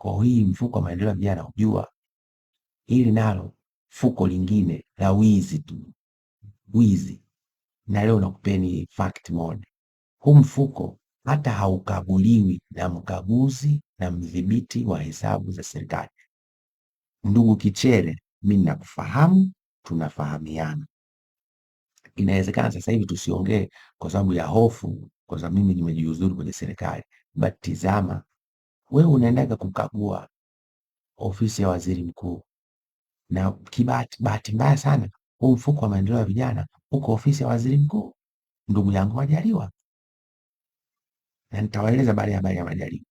Kwa hii mfuko wa maendeleo ya vijana, kujua hili nalo fuko lingine la wizi tu, wizi. Na leo nakupeni fact mode, huu mfuko hata haukaguliwi na mkaguzi na mdhibiti wa hesabu za serikali. Ndugu Kichere, mimi nakufahamu, tunafahamiana. Inawezekana sasa hivi tusiongee kwa sababu ya hofu, kwa sababu mimi nimejiuzuru kwenye serikali, but tizama wewe unaendaga kukagua ofisi ya waziri mkuu, na kibahati bahati mbaya sana huu mfuko wa maendeleo ya vijana uko ofisi ya waziri mkuu, ndugu yangu Majaliwa, na nitawaeleza baada ya habari ya Majaliwa.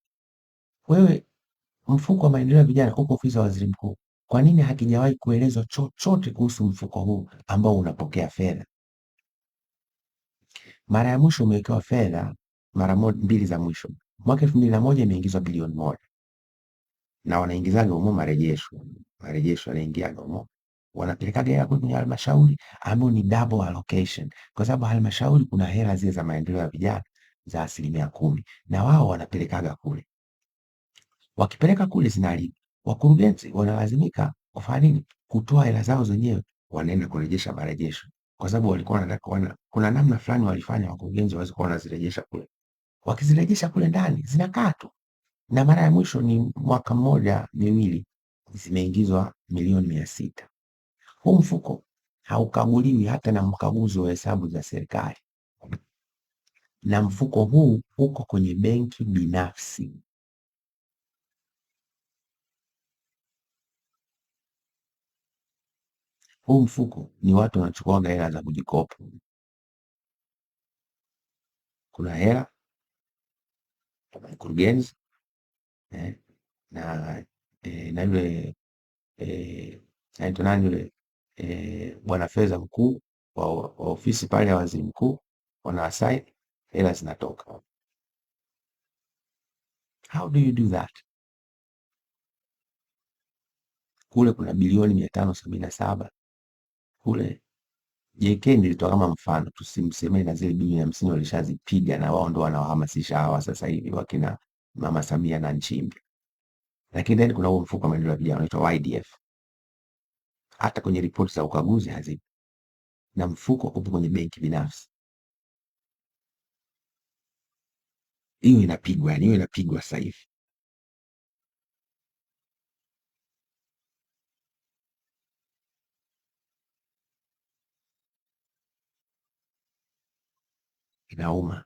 Wewe mfuko wa maendeleo ya vijana uko ofisi ya waziri mkuu, kwa nini hakijawahi kuelezwa chochote kuhusu mfuko huu ambao unapokea fedha? Mara ya mwisho umewekewa fedha mara mbili za mwisho Mwaka elfu mbili na moja imeingizwa bilioni moja na wanaingizaga umo marejesho, marejesho yanaingiaga umo, wanapelekaga hela kwenye halmashauri ambayo ni double allocation, kwa sababu halmashauri kuna hela zile za maendeleo ya vijana za asilimia kumi na wao wanapelekaga kule. Wakipeleka kule zinalipa, wakurugenzi wanalazimika kufanya nini? Kutoa hela zao zenyewe, wanaenda kurejesha marejesho, kwa sababu walikuwa wanataka, kuna namna fulani walifanya wakurugenzi waweze kuwa wanazirejesha kule wakizirejesha kule ndani zinakaa tu, na mara ya mwisho ni mwaka mmoja miwili zimeingizwa milioni mia sita. Huu mfuko haukaguliwi hata na mkaguzi wa hesabu za serikali, na mfuko huu uko kwenye benki binafsi. Huu mfuko ni watu wanachukuaga hela za kujikopa. Kuna hela mkurugenzi eh, na eh, na yule eh, naitwa nani yule eh, bwana fedha mkuu wa, wa ofisi pale ya waziri mkuu wana wanaasaini hela zinatoka. How do you do that? Kule kuna bilioni mia tano sabini na saba kule JK nilitoa kama mfano, tusimsemee na zile bilioni hamsini walishazipiga, na wao ndo wanawahamasisha hawa sasa hivi wakina mama Samia na Nchimbi. Lakini then kuna huo mfuko wa maendeleo ya vijana unaitwa YDF, hata kwenye ripoti za ukaguzi hazipo, na mfuko upo kwenye benki binafsi. Hiyo inapigwa, yani hiyo inapigwa sasa hivi. Inauma,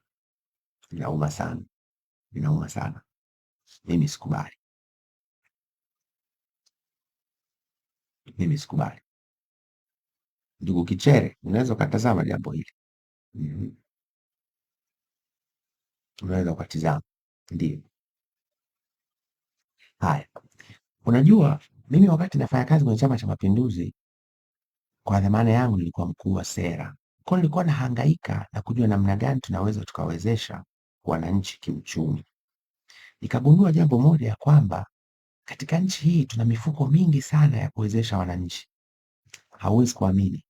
inauma sana, inauma sana. Mimi sikubali, mimi sikubali. Ndugu Kichere, unaweza ukatazama jambo hili mm -hmm. Unaweza ukatizama, ndio haya. Unajua, mimi wakati nafanya kazi kwenye Chama cha Mapinduzi, kwa dhamana yangu nilikuwa mkuu wa sera kwa nilikuwa nahangaika na kujua namna gani tunaweza tukawezesha wananchi kiuchumi. Nikagundua jambo moja ya kwamba katika nchi hii tuna mifuko mingi sana ya kuwezesha wananchi. Hauwezi kuamini,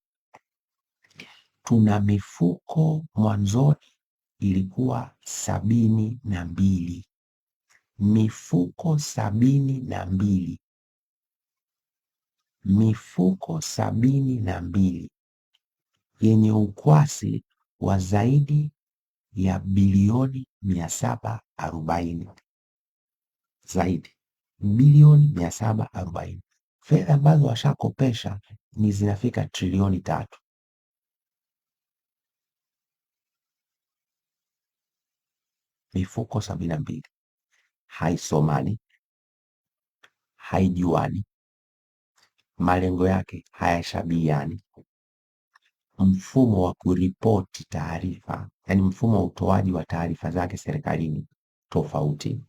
tuna mifuko mwanzoni ilikuwa sabini na mbili mifuko sabini na mbili mifuko sabini na mbili yenye ukwasi wa zaidi ya bilioni mia saba arobaini zaidi bilioni mia saba arobaini. Fedha ambazo washakopesha ni zinafika trilioni tatu. Mifuko sabini na mbili haisomani, haijuani, malengo yake hayashabiiani mfumo wa kuripoti taarifa, yaani mfumo wa utoaji wa taarifa zake serikalini tofauti.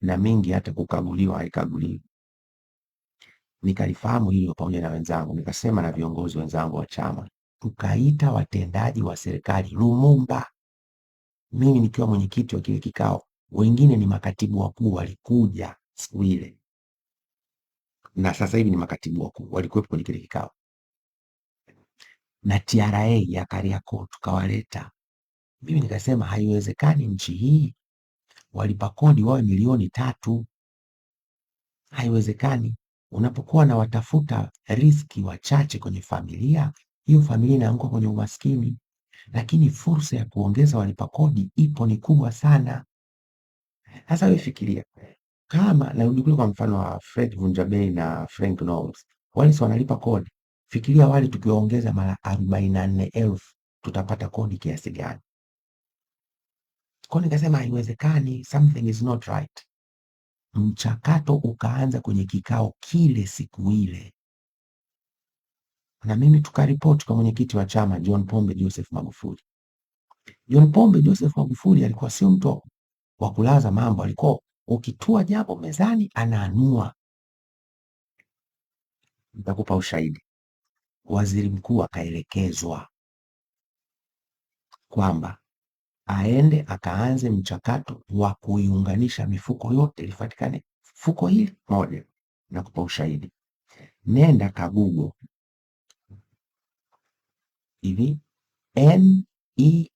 Na mingi hata kukaguliwa haikaguliwi. Nikalifahamu hilo pamoja na wenzangu, nikasema na viongozi wenzangu wa chama, tukaita watendaji wa serikali Lumumba, mimi nikiwa mwenyekiti wa kile kikao, wengine ni makatibu wakuu walikuja siku ile, na sasa hivi ni makatibu wakuu, walikuwepo kwenye kile kikao na TRA ya Kariakoo tukawaleta. Mimi nikasema haiwezekani nchi hii walipa kodi wawe milioni tatu, haiwezekani. Unapokuwa na watafuta riski wachache kwenye familia, hiyo familia inaanguka kwenye umaskini, lakini fursa ya kuongeza walipa kodi ipo, ni kubwa sana. Sasa wewe fikiria, kama narudi kule kwa mfano wa Fred Vunjabei na Frank Knowles, wale si wanalipa kodi? Fikiria wale tukiwaongeza mara arobaini na nne elfu tutapata kodi kiasi gani? Kwa nikasema haiwezekani, something is not right. Mchakato ukaanza kwenye kikao kile siku ile, na mimi tukaripoti kwa mwenyekiti wa chama John Pombe Joseph Magufuli. John Pombe Joseph Magufuli alikuwa sio mtu wa kulaza mambo, alikuwa Ukitua jambo mezani, anaanua. Nitakupa ushahidi. Waziri mkuu akaelekezwa kwamba aende akaanze mchakato wa kuiunganisha mifuko yote ilifatikane fuko hili moja, nakupa ushahidi. Nenda kagugo hivi NEEC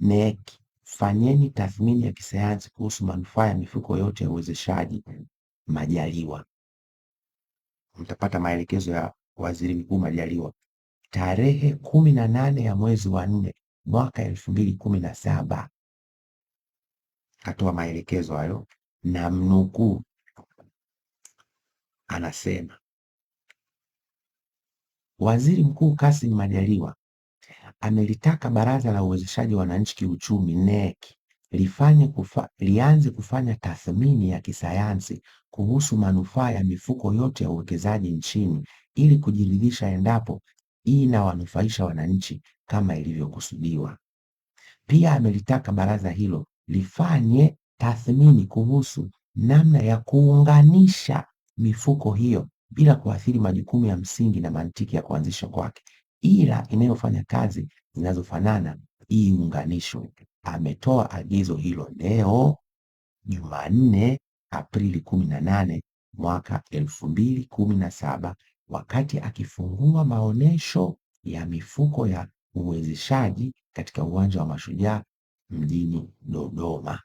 NEC e Fanyeni tathmini ya kisayansi kuhusu manufaa ya mifuko yote ya uwezeshaji Majaliwa. Mtapata maelekezo ya Waziri Mkuu Majaliwa tarehe kumi na nane ya mwezi wa nne mwaka elfu mbili kumi na saba katoa maelekezo hayo na mnukuu, anasema Waziri Mkuu Kassim Majaliwa amelitaka Baraza la Uwezeshaji Wananchi Kiuchumi NEC lifanye kufa, lianze kufanya tathmini ya kisayansi kuhusu manufaa ya mifuko yote ya uwekezaji nchini ili kujiridhisha endapo inawanufaisha wananchi kama ilivyokusudiwa. Pia amelitaka baraza hilo lifanye tathmini kuhusu namna ya kuunganisha mifuko hiyo bila kuathiri majukumu ya msingi na mantiki ya kuanzishwa kwake ila inayofanya kazi zinazofanana iunganishwe. Ametoa agizo hilo leo Jumanne Aprili kumi na nane mwaka elfu mbili kumi na saba wakati akifungua maonyesho ya mifuko ya uwezeshaji katika uwanja wa Mashujaa mjini Dodoma.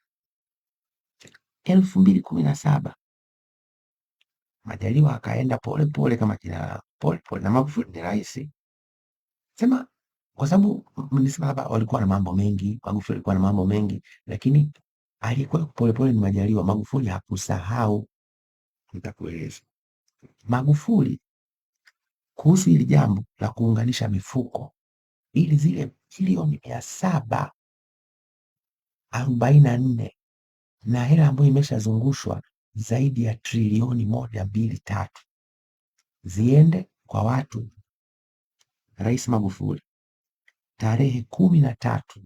elfu mbili kumi na saba Majaliwa akaenda polepole kama jina la polepole, na Magufuli ni rais Sema kwa sababu nimesema hapa walikuwa na mambo mengi, Magufuli alikuwa na mambo mengi, lakini alikuwa polepole ni Majaliwa. Magufuli hakusahau, nitakueleza Magufuli kuhusu hili jambo la kuunganisha mifuko ili zile bilioni mia saba arobaini na nne na hela ambayo imeshazungushwa zaidi ya trilioni moja mbili tatu ziende kwa watu Rais Magufuli tarehe kumi na tatu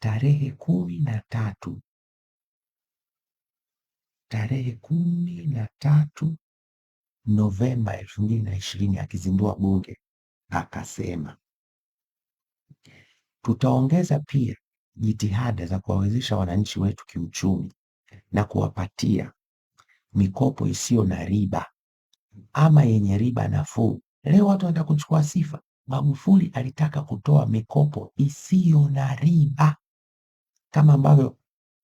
tarehe kumi na tatu tarehe kumi na tatu Novemba elfu mbili na ishirini akizindua bunge akasema, tutaongeza pia jitihada za kuwawezesha wananchi wetu kiuchumi na kuwapatia mikopo isiyo na riba ama yenye riba nafuu Leo watu wanataka kuchukua sifa. Magufuli alitaka kutoa mikopo isiyo na riba kama ambavyo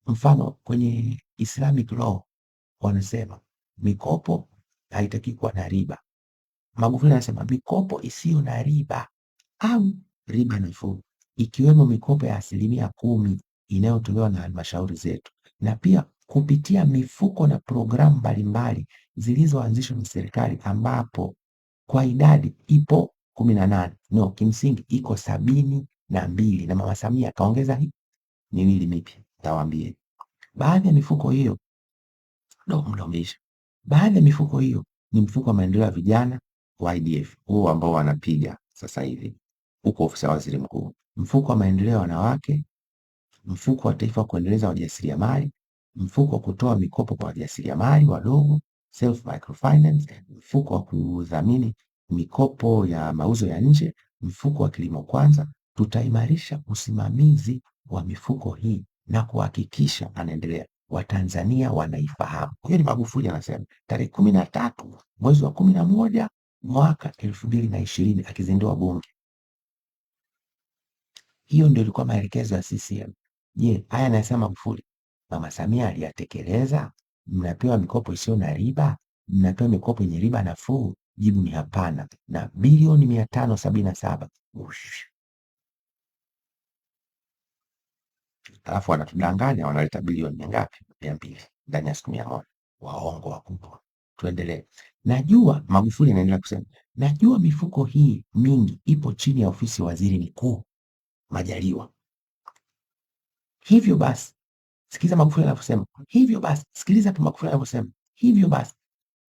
mfano kwenye Islamic law wanasema mikopo haitaki kuwa na riba. Magufuli anasema mikopo isiyo na riba au riba nafuu, ikiwemo mikopo ya asilimia kumi inayotolewa na halmashauri zetu na pia kupitia mifuko na programu mbalimbali zilizoanzishwa na serikali ambapo kwa idadi ipo kumi na nane no, kimsingi iko sabini na mbili na Mama Samia kaongeza hii nini mipya, tawaambie baadhi ya mifuko hiyo domdomisha. Baadhi ya mifuko hiyo ni mfuko wa maendeleo ya vijana wa IDF huo ambao wanapiga sasa hivi huko ofisi ya waziri mkuu, mfuko wa maendeleo ya wanawake, mfuko wa taifa wa kuendeleza wajasiriamali, mfuko wa kutoa mikopo kwa wajasiriamali wadogo, Self Microfinance, mfuko wa kudhamini mikopo ya mauzo ya nje, mfuko wa kilimo kwanza. Tutaimarisha usimamizi wa mifuko hii na kuhakikisha anaendelea Watanzania wanaifahamu. Hiyo ni Magufuli anasema tarehe kumi na tatu mwezi wa kumi na moja mwaka elfu mbili na ishirini akizindua bunge. Hiyo ndio ilikuwa maelekezo ya CCM. Je, haya anayesema Magufuli Mama Samia aliyatekeleza? mnapewa mikopo isiyo na riba? Mnapewa mikopo yenye riba nafuu? Jibu ni hapana. Na bilioni mia tano sabini na saba alafu wanatudanganya, wanaleta bilioni mia ngapi? Mia mbili ndani ya siku mia moja. Waongo wakubwa. Tuendelee. Najua Magufuli anaendelea kusema, najua mifuko hii mingi ipo chini ya ofisi ya waziri mkuu Majaliwa, hivyo basi Sikiliza Magufuli anavyosema, hivyo basi. Sikiliza hapo Magufuli anavyosema, hivyo basi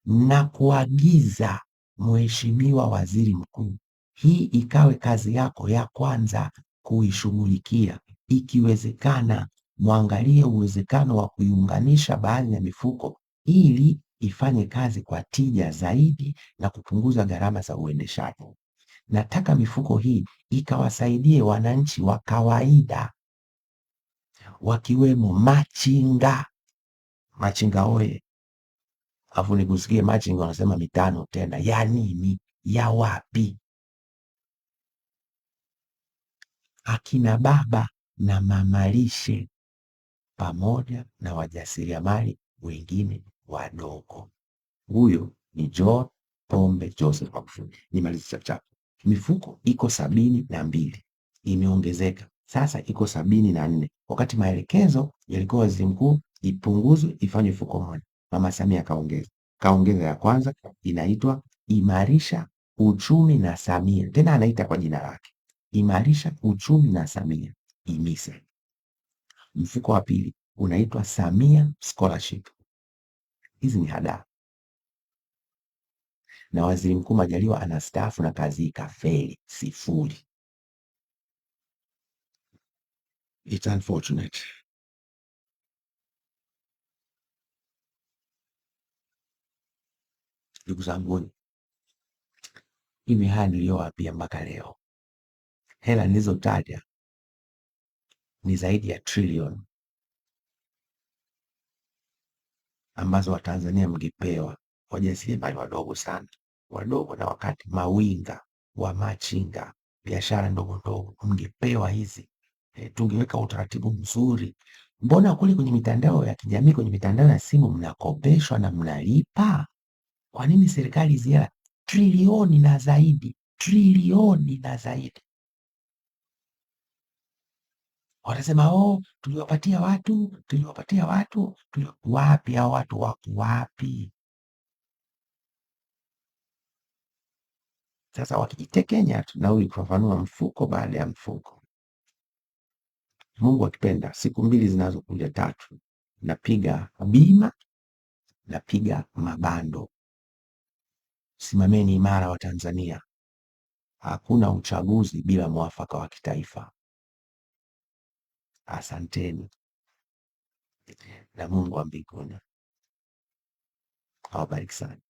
na kuagiza Mheshimiwa Waziri Mkuu, hii ikawe kazi yako ya kwanza kuishughulikia. Ikiwezekana mwangalie uwezekano wa kuiunganisha baadhi ya mifuko ili ifanye kazi kwa tija zaidi na kupunguza gharama za uendeshaji. Nataka mifuko hii ikawasaidie wananchi wa kawaida wakiwemo machinga. Machinga oye! Afu nikusikie machinga wanasema mitano tena, ya yaani nini? Ya wapi? Akina baba na mamalishe pamoja na wajasiriamali wengine wadogo. Huyo ni John Pombe Joseph Magufuli. Nimalize chapchap. Mifuko iko sabini na mbili imeongezeka sasa iko sabini na nne wakati maelekezo yalikuwa waziri mkuu ipunguzwe ifanywe fuko moja Mama Samia kaongeza kaongeza ya kwanza inaitwa imarisha uchumi na Samia, tena anaita kwa jina lake imarisha uchumi na Samia imise Mfuko wa pili unaitwa Samia Scholarship. Hizi ni hadaa na waziri mkuu Majaliwa anastaafu na kazi ikafeli sifuri. It's unfortunate. Ndugu zanguni, mimi haya niliyowapia mpaka leo, hela nilizotaja ni zaidi ya trilioni ambazo Watanzania mngepewa wajasiriamali wadogo sana, wadogo na wakati mawinga wa machinga, biashara ndogo ndogo, mngepewa hizi e, tungeweka utaratibu mzuri. Mbona kule kwenye mitandao ya kijamii, kwenye mitandao ya simu mnakopeshwa na mnalipa? Kwa nini serikali ziela trilioni na zaidi, trilioni na zaidi watasema oh, tuliwapatia watu tuliwapatia watu tuli... wapi hao watu wako wapi? Sasa wakijitekenya tu kufafanua mfuko baada ya mfuko. Mungu akipenda, siku mbili zinazokuja tatu, napiga bima, napiga mabando. Simameni imara wa Tanzania. Hakuna uchaguzi bila mwafaka wa kitaifa. Asanteni na Mungu wa mbinguni awabariki sana.